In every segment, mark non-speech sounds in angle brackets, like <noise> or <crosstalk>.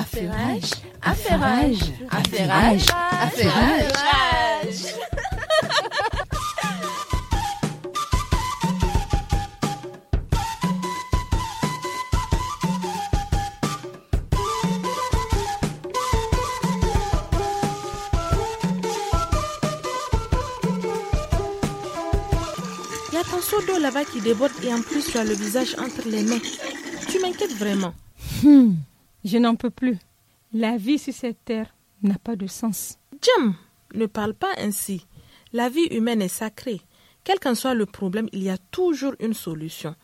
Affairage, affairage, affairage, affairage. Il y a ton seau d'eau là-bas qui déborde et en plus tu as le visage entre les mains. Tu m'inquiètes vraiment. Hmm. Je n'en peux plus. La vie sur cette terre n'a pas de sens. Jim, ne parle pas ainsi. La vie humaine est sacrée. Quel qu'en soit le problème, il y a toujours une solution.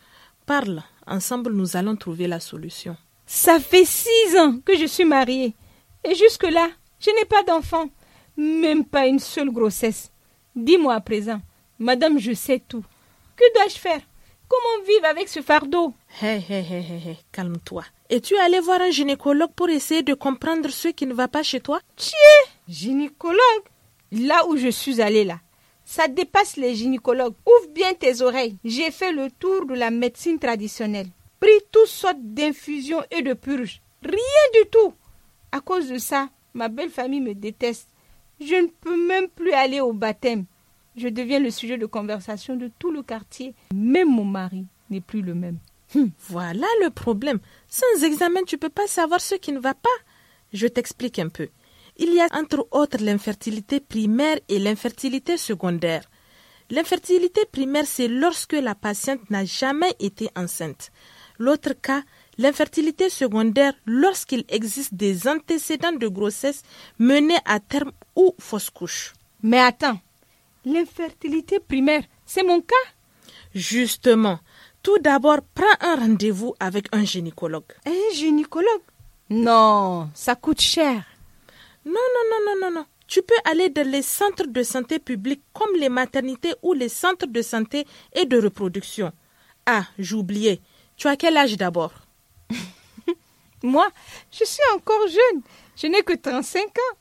Parle, ensemble nous allons trouver la solution. Ça fait six ans que je suis mariée. Et jusque-là, je n'ai pas d'enfant. Même pas une seule grossesse. Dis-moi à présent, madame, je sais tout. Que dois-je faire Comment vivre avec ce fardeau Hé, hé, hé, hé, calme-toi. Es-tu allé voir un gynécologue pour essayer de comprendre ce qui ne va pas chez toi Tiens, gynécologue Là où je suis allée là, ça dépasse les gynécologues. Ouvre bien tes oreilles. J'ai fait le tour de la médecine traditionnelle. Pris toutes sortes d'infusions et de purges. Rien du tout. À cause de ça, ma belle famille me déteste. Je ne peux même plus aller au baptême. Je deviens le sujet de conversation de tout le quartier. Même mon mari n'est plus le même. Hmm, voilà le problème. Sans examen, tu peux pas savoir ce qui ne va pas. Je t'explique un peu. Il y a entre autres l'infertilité primaire et l'infertilité secondaire. L'infertilité primaire, c'est lorsque la patiente n'a jamais été enceinte. L'autre cas, l'infertilité secondaire, lorsqu'il existe des antécédents de grossesse menés à terme ou fausse couche. Mais attends, l'infertilité primaire. C'est mon cas Justement, tout d'abord, prends un rendez-vous avec un gynécologue. Un gynécologue Non, ça coûte cher. Non, non, non, non, non, non. Tu peux aller dans les centres de santé publics comme les maternités ou les centres de santé et de reproduction. Ah, j'oubliais. Tu as quel âge d'abord <laughs> Moi, je suis encore jeune. Je n'ai que 35 ans.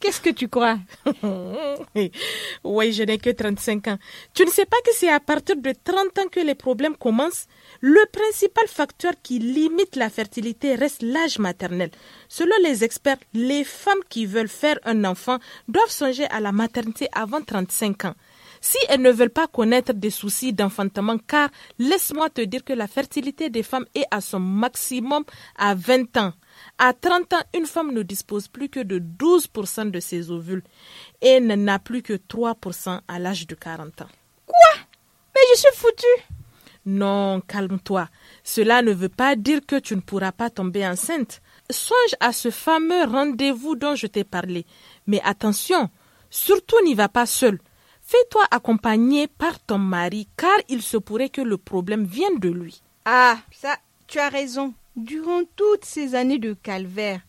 Qu'est-ce que tu crois Oui, je n'ai que 35 ans. Tu ne sais pas que c'est à partir de 30 ans que les problèmes commencent Le principal facteur qui limite la fertilité reste l'âge maternel. Selon les experts, les femmes qui veulent faire un enfant doivent songer à la maternité avant 35 ans si elles ne veulent pas connaître des soucis d'enfantement, car laisse-moi te dire que la fertilité des femmes est à son maximum à 20 ans. À 30 ans, une femme ne dispose plus que de 12% de ses ovules et n'a plus que 3% à l'âge de 40 ans. Quoi Mais je suis foutue Non, calme-toi. Cela ne veut pas dire que tu ne pourras pas tomber enceinte. Songe à ce fameux rendez-vous dont je t'ai parlé. Mais attention, surtout n'y va pas seul. Fais-toi accompagner par ton mari car il se pourrait que le problème vienne de lui. Ah, ça, tu as raison durant toutes ces années de calvaire,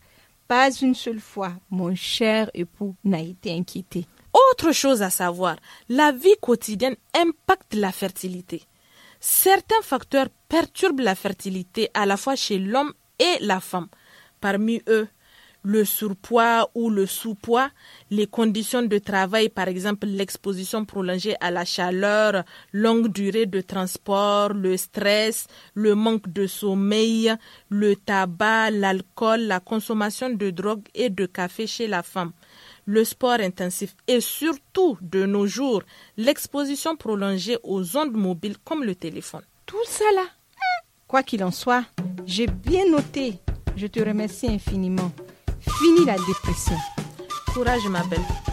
pas une seule fois, mon cher époux n'a été inquiété. Autre chose à savoir, la vie quotidienne impacte la fertilité. Certains facteurs perturbent la fertilité à la fois chez l'homme et la femme. Parmi eux, le surpoids ou le sous-poids, les conditions de travail, par exemple l'exposition prolongée à la chaleur, longue durée de transport, le stress, le manque de sommeil, le tabac, l'alcool, la consommation de drogue et de café chez la femme le sport intensif et surtout de nos jours l'exposition prolongée aux ondes mobiles comme le téléphone. Tout cela. quoi qu'il en soit, j'ai bien noté. Je te remercie infiniment. Fini la dépression. Courage ma belle.